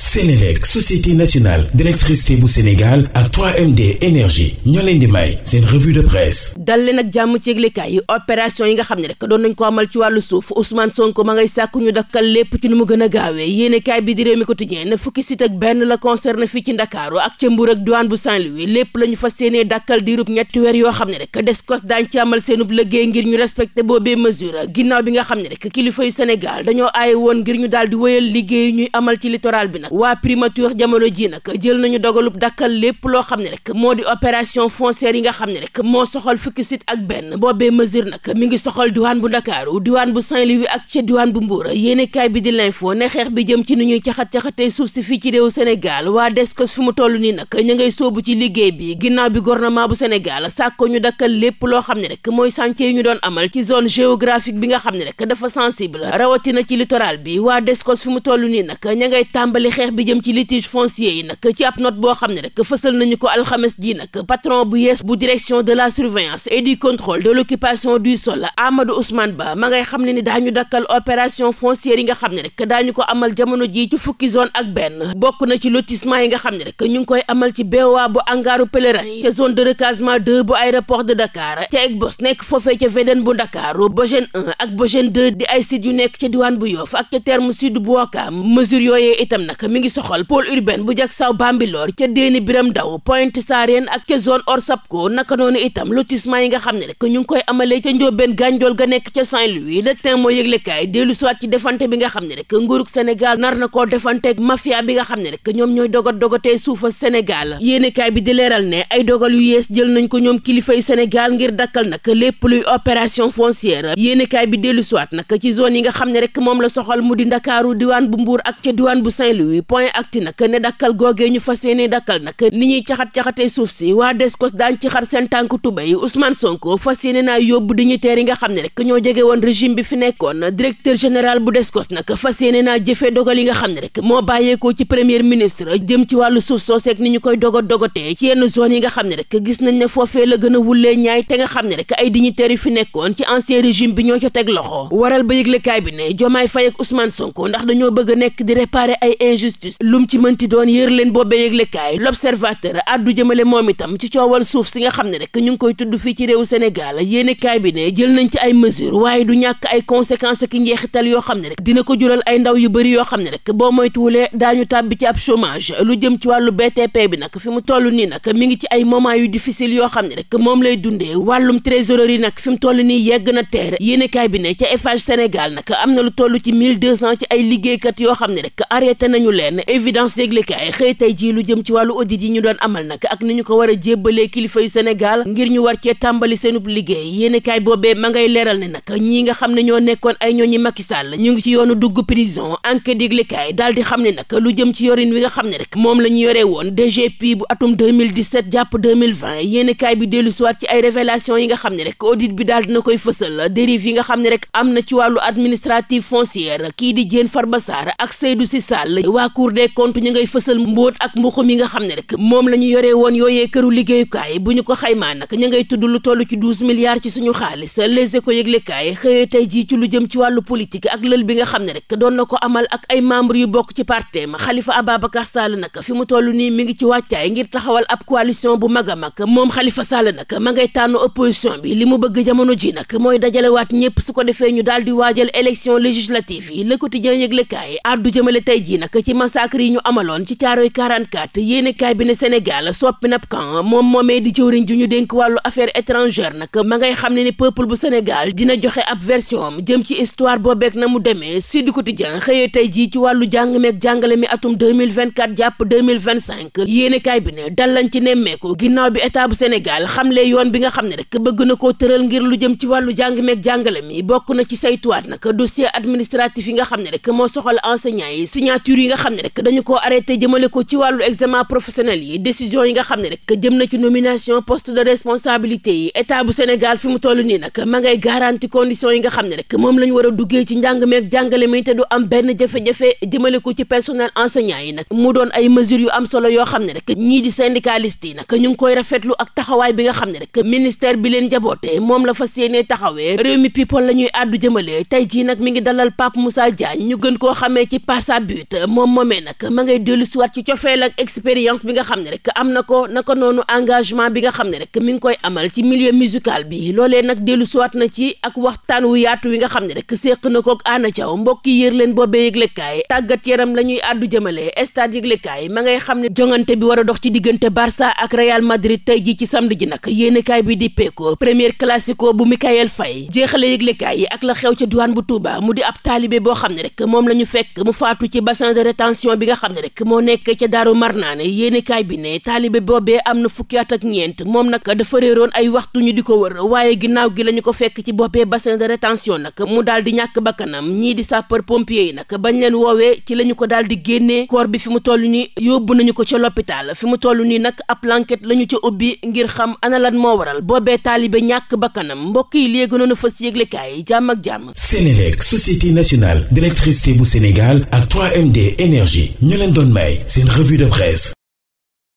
Sénélec société nationale d'électricité bu Sénégal ak 3MD énergie ñoo leen di may seen revue de presse dal leen ak jàmm ci yëglekaay yi opération yi nga xam ne rek doon nañ ko amal ci wàllu suuf Ousmane Sonko ma ngay sàkku ñu dakkal lépp ci nu mu gën a gaawee yéenekaay bi di Rewmi Quotidien ne fukki site ak benn la concerne fii ci Ndakaaru ak ca ak diwaan bu Saint-Louis lépp la ñu fas yéenee dakkal diirub ñetti weer yoo xam ne rek DSCOS daañ ci amal seenub liggéey ngir ñu respecté boobee mesure ginnaaw bi nga xam ne rek kilifa yu Sénégal dañoo aaye ngir ñu daal di wëyal liggéey ñuy amal ci littoral bi waa primature jamono ji nag jël nañu dogalub dakkal lépp loo xam ne rek moo di opération foncière yi nga xam ne rek moo soxal fukki site ak benn boobee mesure nag mi ngi soxal diwaan bu ndakaaru diwaan bu Saint-Louis ak ca diwaan bu Mbuur yéenekaay bi di l'info ne xeex bi jëm ci ni ñuy caxat-caxatee suuf si fii ci réew Sénégal waa Descos fu mu toll nii nag ñu ngay soobu ci liggéey bi ginnaaw bi gouvernement bu Sénégal sàkko ñu dakkal lépp loo xam ne rek mooy chantier yi ñu doon amal ci zone géographique bi nga xam ne rek dafa sensible rawatina ci littoral bi waa Descos fu mu toll nii nag ña ngay tàmbali xeex bi jëm ci litige foncier yi nag ci ab note boo xam ne rek fësal nañu ko alxames ji nag patron bu yees bu direction de la surveillance et du contrôle de l'occupation du sol Amadou Ousmane Ba ma ngay xam ne ni daañu dakkal opération foncière yi nga xam ne rek daañu ko amal jamono ji ci fukki zone ak benn bokk na ci lotissement yi nga xam ne rek ñu ngi koy amal ci BOA bu angaaru pèlerin yi ca zone de recasement 2 bu aéroport de Dakar ca nekk foofee ca VDN bu Dakar Bogène 1 ak Bogène 2 di ay sites yu nekk ca diwaan bu Yoff ak ca terme sud bu Ouakam mesure yooyee itam nag mi ngi soxal pôle urbain bu jak saw Bambilor ca Déni Biram Daw point Sarène ak ca zone Orsapco naka noonu itam lotissement yi nga xam ne rek ñu ngi koy amalee ca Ndiobène Gandiol ga nekk ca Saint-Louis le temps moo yëglekaay dellu soit ci defante bi nga xam ne rek nguurug Sénégal nar na koo defanteeg mafia bi nga xam ne rek ñoom ñooy dogat dogatee suufa Sénégal yéenekaay bi di ne ay dogal yu yees jël nañ ko ñoom kilifay Sénégal ngir dakkal nag lépp luy opération foncière yéenekaay bi dellu soit nag ci zone yi nga xam ne rek moom la soxal mu di Ndakaaru diwaan bu Mbuur diwaan bu Saint-Louis wi point acti nag ne dakkal googee ñu fas yéene dakkal nag ni ñuy caxat-caxatee suuf si waa Descos daañ ci xar seen tànk tubéy Ousmane Sonko fas yéene naa yóbbu yi nga xam ne rek ñoo jege woon régime bi fi nekkoon directeur général bu Descos nag fas yéene naa jëfee dogal yi nga xam ne rek moo bàyyeekoo ci premier ministre jëm ci wàllu suuf sooseeg ni ñu koy dogot dogotee ci yenn zone yi nga xam ne rek gis nañ ne foofee gën a wullee ñaay te nga xam ne rek ay dignitaires yu fi nekkoon ci ancien régime bi ñoo ca teg loxo waral ba yëglekaay bi ne Jomaay Faye ak Ousmane Sonko ndax dañoo justice lum ci mënti doon yër leen boobee yëglekaay l'observateur addu jëmale moom itam ci coowal suuf si nga xam ne rek ñu ngi koy tudd fii ci réewu Sénégal yéenekaay bi yoo xam ne rek ko jural ay ndaw yu bëri yoo xam ne rek boo moytuwulee bi nag fi mu toll nii mi ngi ci ay moment yu difficile yoo xam ne rek moom lay dundee wàllum trésorerie nag fi mu toll nii yegg na teer bi ne Sénégal nag am na lu toll ci 1200 ci ay liggéeykat yoo xam ne rek arrêté nañu nañu leen évidence yëglekaay xëy jii lu jëm ci wàllu audit yi ñu doon amal nag ak ni ko war a jébbalee kilifa yu Sénégal ngir ñu war cee ay dugg prison enquête yëglekaay daal xam ne nag lu jëm ci yorin wi nga xam ne rek moom la ñu woon DGP bu atum jàpp 2020 bi dellu siwaat ci ay révélation yi nga xam ne rek audit bi daal dina koy fësal dérive yi nga xam ne rek am na ci wàllu administratif foncière kii di Diène Farba Sarr ak Seydou Sy Sall waa cour des comptes ñu ngay nga xam ne rek moom la ñu yoree woon yooyee këru liggéeyukaay bu ñu ko xaymaa nag ñu ngay tudd lu toll ci douze milliards ci suñu xaalis les éco tey jii ci lu jëm ci wàllu politique ak lël bi nga xam ne rek doon na ko amal ak ay membres yu bokk ci partem Khalifa Ababacar Sall nag fi mu toll nii mi ngi ci wàccaay ngir taxawal ab coalition bu mag a mag moom xalifa Sall nag ma ngay tànn opposition bi li mu bëgg jamono ji nag mooy dajalewaat ñëpp su ko defee ñu daal di waajal élection législative yi Le Quotidien yëglekaay addu jëmale tey jii nag ci massacre yi ñu amaloon ci caaroy 44 yéenekaay bi ne Sénégal soppi nab kan moom moomee di jëwriñ ju ñu dénk wàllu affaire étrangère nag ma ngay xam ne ni peuple bu Sénégal dina joxe ab version jëm ci histoire boobeek na mu demee si di Sud Quotidien xëyee tey jii ci wàllu jàng jàngale mi atum 2024 jàpp 2025 yéenekaay bi ne dal lañ ci nemmeeku ginnaaw bi état bu Sénégal xamle yoon bi nga xam ne rek bëgg na ko tëral ngir lu jëm ci wàllu jàng meek jàngale mi bokk na ci saytuwaat nag dossier administratif yi nga xam ne rek moo soxal enseignants xam ne rek dañu ko arrêté jëmale ko ci wàllu examen professionnel yi décision yi nga xam ne rek jëm na ci nomination poste de responsabilité yi état bu Sénégal fi mu toll nii nag ma ngay garanti condition yi nga xam ne rek moom la ñu war a duggee ci njàng meeg jàngale mi te du am benn jafe-jafe jëmale ko ci personnel enseignant yi nag mu doon ay mesures yu am solo yoo xam ne rek ñii di syndicaliste yi nag ñu ngi koy rafetlu ak taxawaay bi nga xam ne rek ministère bi leen jaboote moom la fas yéenee taxawee réew mi people la ñuy àddu jëmale tey jii nag mi ngi dalal Pape Moussa Diagne ñu gën koo xamee ci Passa But moom moom moomee nag ma ngay dellu ci cofeel ak expérience bi nga xam ne rek am na ko naka noonu engagement bi nga xam ne rek mi ngi koy amal ci milieu musical bi loolee nag dellu siwaat na ci ak waxtaan wu yaatu wi nga xam ne rek séq na ko ak Anna Thiaw mbokk yi yër leen boobee yëglekaay tàggat yaram la ñuy àddu jëmale stade yëglekaay ma ngay xam ne jongante bi war a dox ci diggante Barça ak Real Madrid tey ji ci samedi ji nag yéenekaay bi di peeko premier classico bu Mikayel Faye jeexale yëglekaay yi la xew ca bu Touba mu di ab taalibe xam ne moom la ñu fekk mu faatu ci tension bi nga xam ne rek moo nekk ca daaru marnaane yéenekaay bi ne taalibe boobee am na fukki at ak ñeent moom nag dafa réeroon ay waxtu ñu di ko wër waaye ginnaaw gi la ñu ko fekk ci boppee bassin de rétention nag mu daal di ñàkk bakkanam ñii di sapeur pompier yi nag bañ leen woowee ci la ñu ko daal di génnee corps bi fi mu toll nii yóbbu nañu ko ca l'hôpital fi mu toll nii nag ab enquête la ca ubbi ngir xam ana lan moo waral boobee taalibe ñàkk bakkanam mbokk yi léegi noonu fas yëglekaay jàmm ak jàmm Sénélec société nationale d'électricité bu Sénégal ak 3MD énergie ñu leen doon may seen revue de presse